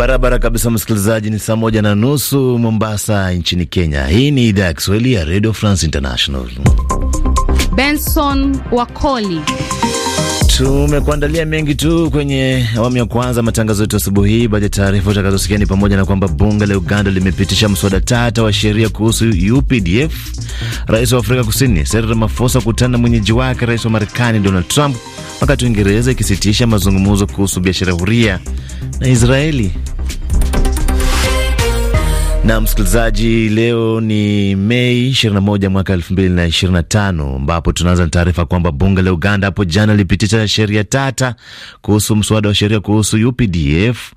Barabara kabisa, msikilizaji. Ni saa moja na nusu Mombasa nchini Kenya. Hii ni idhaa ya Kiswahili ya Radio France International. Benson Wakoli tumekuandalia mengi tu kwenye awamu ya kwanza matangazo yetu asubuhi hii. Baadhi ya taarifa utakazosikia ni pamoja na kwamba bunge la Uganda limepitisha mswada tata wa sheria kuhusu UPDF. Rais wa Afrika Kusini Cyril Ramaphosa kutana na mwenyeji wake rais wa Marekani Donald Trump, wakati Uingereza ikisitisha mazungumzo kuhusu biashara huria na Israeli. Na msikilizaji, leo ni Mei 21 mwaka 2025, ambapo tunaanza na taarifa kwamba bunge la Uganda hapo jana lipitisha sheria tata kuhusu mswada wa sheria kuhusu UPDF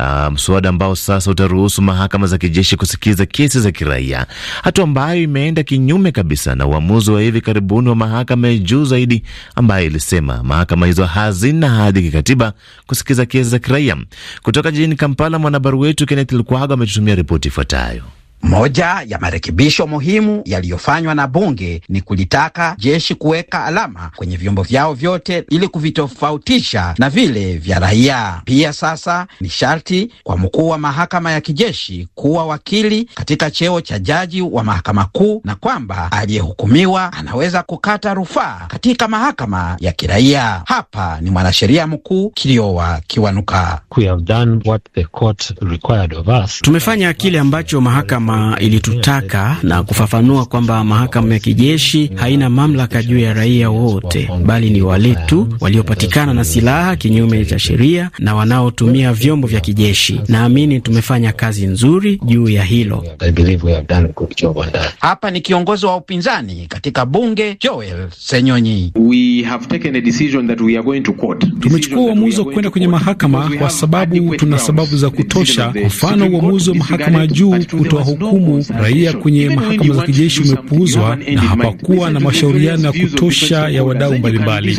uh, mswada ambao sasa utaruhusu mahakama za kijeshi kusikiza kesi za kiraia, hatua ambayo imeenda kinyume kabisa na uamuzi wa hivi karibuni wa mahakama ya juu zaidi ambayo ilisema mahakama hizo hazina hadhi kikatiba kusikiza kesi za kiraia. Kutoka jijini Kampala, mwanahabari wetu Kenneth Lukwago ametutumia ripoti ifuatayo. Moja ya marekebisho muhimu yaliyofanywa na bunge ni kulitaka jeshi kuweka alama kwenye vyombo vyao vyote ili kuvitofautisha na vile vya raia. Pia sasa ni sharti kwa mkuu wa mahakama ya kijeshi kuwa wakili katika cheo cha jaji wa mahakama kuu, na kwamba aliyehukumiwa anaweza kukata rufaa katika mahakama ya kiraia. Hapa ni mwanasheria mkuu Kiliowa Kiwanuka. We have done what the court required of us. Tumefanya kile ambacho mahakama kama ilitutaka na kufafanua kwamba mahakama ya kijeshi haina mamlaka juu ya raia wote, bali ni wale tu waliopatikana na silaha kinyume cha sheria na wanaotumia vyombo vya kijeshi. Naamini tumefanya kazi nzuri juu ya hilo. Hapa ni kiongozi wa upinzani katika bunge Joel Senyonyi. Tumechukua uamuzi wa kwenda kwenye mahakama kwa sababu tuna sababu za kutosha, mfano uamuzi wa mahakama ya juu kutoa kuwahukumu raia kwenye mahakama za kijeshi umepuuzwa na hapakuwa na mashauriano ya kutosha ya wadau mbalimbali.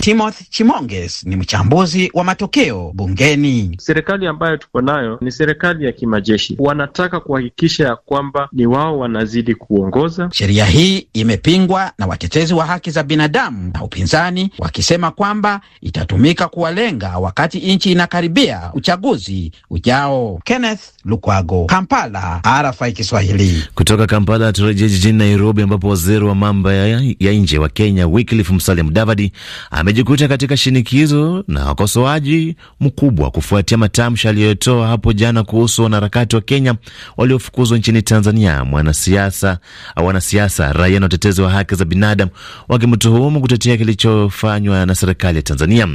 Timothy Chimonges ni mchambuzi wa matokeo bungeni. Serikali ambayo tuko nayo ni serikali ya kimajeshi, wanataka kuhakikisha ya kwamba ni wao wanazidi kuongoza. Sheria hii imepingwa na watetezi wa haki za binadamu na upinzani wakisema kwamba itatumika kuwalenga wakati nchi inakaribia uchaguzi ujao. Kenneth Lukwago Kampala, RFI Kiswahili kutoka Kampala. Turejea jijini Nairobi, ambapo waziri wa mambo ya, ya nje wa Kenya Wycliffe Musalia Mudavadi amejikuta katika shinikizo na wakosoaji mkubwa kufuatia matamshi aliyotoa hapo jana kuhusu wanaharakati wa Kenya waliofukuzwa nchini Tanzania, mwanasiasa wanasiasa, raia na watetezi wa haki za binadamu, wakimtuhumu kutetea kilichofanywa na serikali ya Tanzania.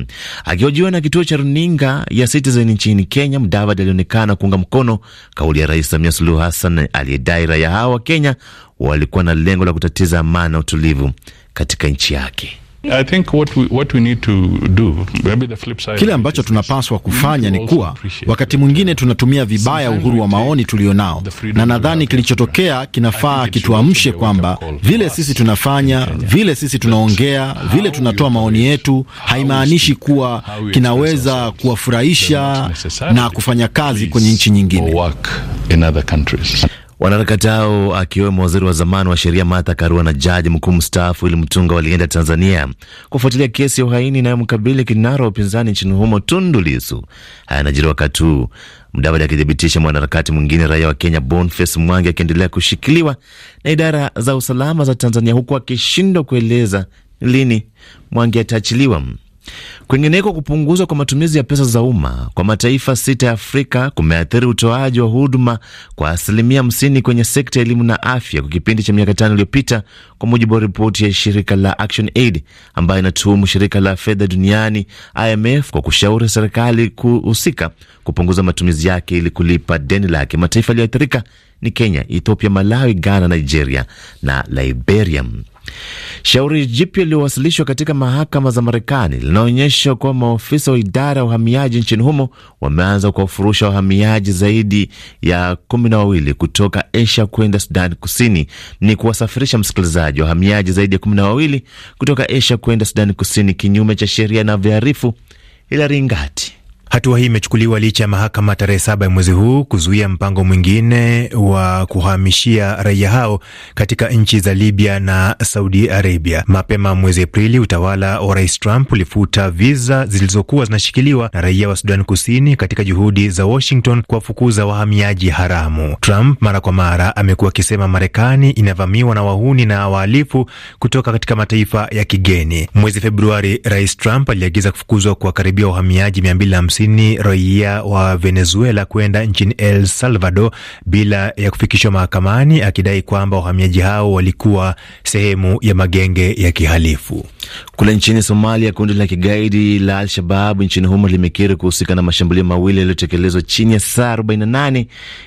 Akihojiwa na kituo cha runinga ya Citizen nchini Kenya, Mudavadi alionekana kuunga mkono kauli ya Rais Samia Suluhu Hassan aliyedai raia hao wa Kenya walikuwa na lengo la kutatiza amani na utulivu katika nchi yake. Kile ambacho tunapaswa kufanya ni kuwa wakati mwingine uh, tunatumia vibaya uhuru wa maoni nao, na nadhani kilichotokea kinafaa kituamshe kwamba vile sisi tunafanya, vile sisi tunaongea, vile tunatoa maoni yetu haimaanishi kuwa kinaweza kuwafurahisha na kufanya kazi kwenye nchi nyingine. Wanaharakati hao akiwemo waziri wa zamani wa sheria Martha Karua na jaji mkuu mstaafu ili mtunga walienda Tanzania kufuatilia kesi ya uhaini inayomkabili kinara wa upinzani nchini humo Tundu Lissu. Haya yanajiri wakati huu Mdavadi akithibitisha mwanaharakati mwingine raia wa Kenya Boniface Mwangi akiendelea kushikiliwa na idara za usalama za Tanzania, huku akishindwa kueleza lini Mwangi ataachiliwa. Kwingineko, kupunguzwa kwa matumizi ya pesa za umma kwa mataifa sita ya Afrika kumeathiri utoaji wa huduma kwa asilimia hamsini kwenye sekta ya elimu na afya kwa kipindi cha miaka tano iliyopita, kwa mujibu wa ripoti ya shirika la Action Aid ambayo inatuhumu shirika la fedha duniani IMF kwa kushauri serikali kuhusika kupunguza matumizi yake ili kulipa deni lake. Mataifa yaliyoathirika ni Kenya, Ethiopia, Malawi, Ghana, Nigeria na Liberia. Shauri jipya liliowasilishwa katika mahakama za Marekani linaonyesha kuwa maofisa wa idara ya uhamiaji nchini humo wameanza kuwafurusha wahamiaji zaidi ya kumi na wawili kutoka Asia kwenda Sudani Kusini. Ni kuwasafirisha msikilizaji, wahamiaji zaidi ya kumi na wawili kutoka Asia kwenda Sudani Kusini kinyume cha sheria, na viharifu ila ringati Hatua hii imechukuliwa licha ya mahakama tarehe saba ya mwezi huu kuzuia mpango mwingine wa kuhamishia raia hao katika nchi za Libya na Saudi Arabia. Mapema mwezi Aprili, utawala wa Rais Trump ulifuta viza zilizokuwa zinashikiliwa na raia wa Sudan Kusini katika juhudi za Washington kuwafukuza wahamiaji haramu. Trump mara kwa mara amekuwa akisema Marekani inavamiwa na wahuni na wahalifu kutoka katika mataifa ya kigeni. Mwezi Februari, Rais Trump aliagiza kufukuzwa kwa karibia wahamiaji hamsini raia wa Venezuela kwenda nchini El Salvador bila ya kufikishwa mahakamani, akidai kwamba wahamiaji hao walikuwa sehemu ya magenge ya kihalifu. Kule nchini Somalia, kundi la kigaidi la Al-Shabab nchini humo limekiri kuhusika na mashambulio mawili yaliyotekelezwa chini ya saa 48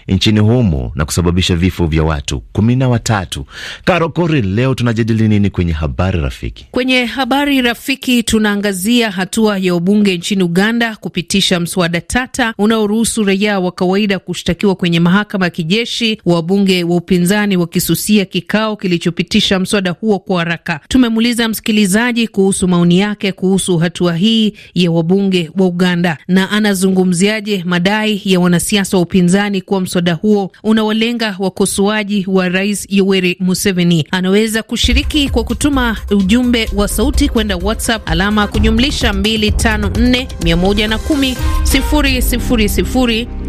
nchini humo na kusababisha vifo vya watu kumi na watatu. Karokori, leo tunajadili nini kwenye habari rafiki? Kwenye habari rafiki tunaangazia hatua ya ubunge nchini Uganda kupitisha kupitisha mswada tata unaoruhusu raia wa kawaida kushtakiwa kwenye mahakama ya kijeshi, wabunge wa upinzani wakisusia kikao kilichopitisha mswada huo kwa haraka. Tumemuuliza msikilizaji kuhusu maoni yake kuhusu hatua hii ya wabunge wa Uganda na anazungumziaje madai ya wanasiasa wa upinzani kuwa mswada huo unawalenga wakosoaji wa Rais Yoweri Museveni. Anaweza kushiriki kwa kutuma ujumbe wa sauti kwenda WhatsApp alama kujumlisha 254 110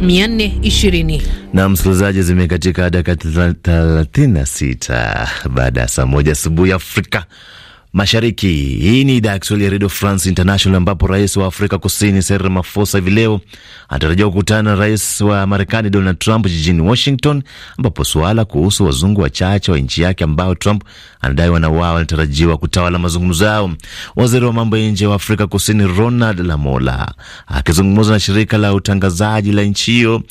mbili na msikilizaji, zimekatika dakika 36 baada ya saa moja asubuhi Afrika Mashariki. Hii ni idhaa ya Kiswahili ya Radio France International, ambapo rais wa Afrika Kusini Cyril Ramaphosa hivi leo anatarajiwa kukutana na rais wa Marekani Donald Trump jijini Washington, ambapo suala kuhusu wazungu wachache wa, nchi yake ambao Trump anadai wanawao anatarajiwa kutawala mazungumzo yao. Waziri wa mambo ya nje wa Afrika Kusini Ronald Lamola akizungumza na shirika la utangazaji la nchi hiyo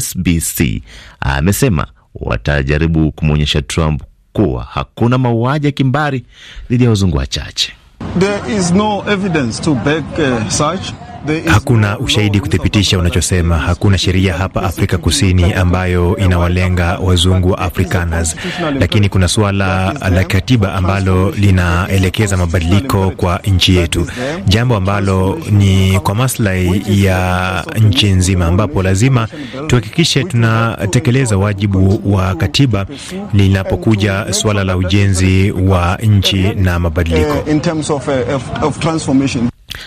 SBC amesema watajaribu kumwonyesha Trump kuwa hakuna mauaji ya kimbari dhidi ya wazungu wachache. There is no evidence to back, uh, such Hakuna ushahidi kuthibitisha unachosema. Hakuna sheria hapa Afrika Kusini ambayo inawalenga wazungu wa Afrikaners, lakini kuna suala la katiba ambalo linaelekeza mabadiliko kwa nchi yetu, jambo ambalo ni kwa maslahi ya nchi nzima, ambapo lazima tuhakikishe tunatekeleza wajibu wa katiba linapokuja suala la ujenzi wa nchi na mabadiliko.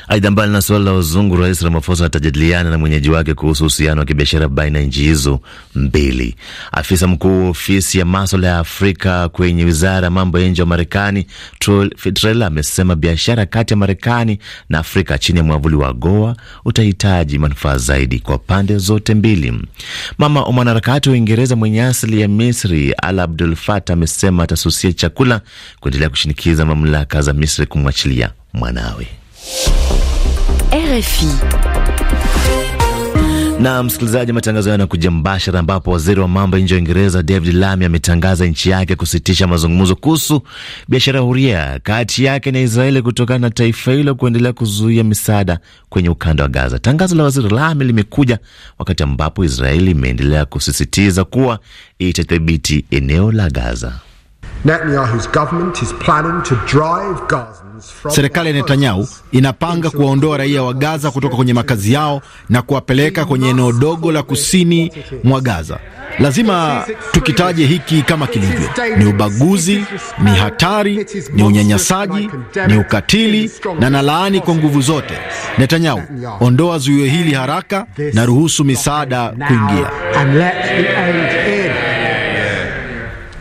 Aidha, mbali na suala la wazungu, Rais Ramaphosa atajadiliana na mwenyeji wake kuhusu uhusiano wa kibiashara baina ya nchi hizo mbili. Afisa mkuu wa ofisi ya maswala ya Afrika kwenye wizara ya mambo ya nje wa Marekani, Trull amesema biashara kati ya Marekani na Afrika chini ya mwavuli wa AGOA utahitaji manufaa zaidi kwa pande zote mbili. Mama wa mwanaharakati wa Uingereza mwenye asili ya Misri, Ala Abdul Fatah, amesema atasusia chakula kuendelea kushinikiza mamlaka za Misri kumwachilia mwanawe. RFI. Na msikilizaji, matangazo yanakuja mbashara, ambapo waziri wa mambo ya nje ya Uingereza David Lammy ametangaza nchi yake kusitisha mazungumzo kuhusu biashara huria kati yake na Israeli kutokana na taifa hilo kuendelea kuzuia misaada kwenye ukanda wa Gaza. Tangazo la waziri Lammy limekuja wakati ambapo Israeli imeendelea kusisitiza kuwa itathibiti eneo la Gaza. Serikali ya Netanyahu inapanga kuwaondoa raia wa Gaza kutoka kwenye makazi yao na kuwapeleka kwenye eneo dogo la kusini mwa Gaza. Lazima tukitaje hiki kama kilivyo: ni ubaguzi, ni hatari, ni unyanyasaji, ni ukatili, na nalaani kwa nguvu zote. Netanyahu, ondoa zuio hili haraka na ruhusu misaada kuingia.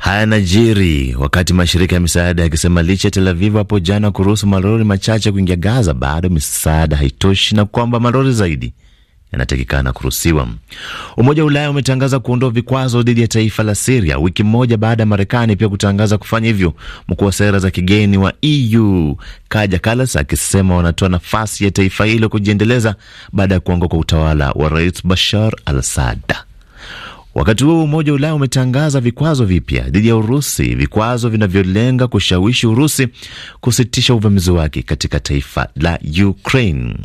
Haya najiri wakati mashirika ya misaada yakisema licha ya Tel Aviv hapo jana kuruhusu malori machache kuingia Gaza, bado misaada haitoshi na kwamba malori zaidi yanatakikana kuruhusiwa. Umoja wa Ulaya umetangaza kuondoa vikwazo dhidi ya taifa la Siria wiki moja baada ya Marekani pia kutangaza kufanya hivyo, mkuu wa sera za kigeni wa EU Kaja Kalas akisema wanatoa nafasi ya taifa hilo kujiendeleza baada ya kuanguka kwa utawala wa Rais Bashar al Assad. Wakati huo Umoja wa Ulaya umetangaza vikwazo vipya dhidi ya Urusi, vikwazo vinavyolenga kushawishi Urusi kusitisha uvamizi wake katika taifa la Ukraine.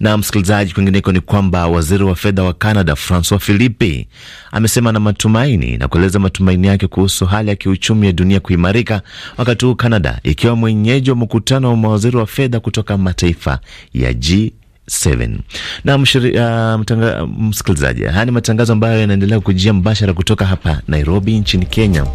Na msikilizaji, kwingineko ni kwamba waziri wa fedha wa Canada Francois Philippe amesema na matumaini na kueleza matumaini yake kuhusu hali ya kiuchumi ya dunia kuimarika, wakati huu Canada ikiwa mwenyeji wa mkutano wa mawaziri wa fedha kutoka mataifa ya G 7. Na uh, msikilizaji, haya ni matangazo ambayo yanaendelea kujia mbashara kutoka hapa Nairobi nchini Kenya.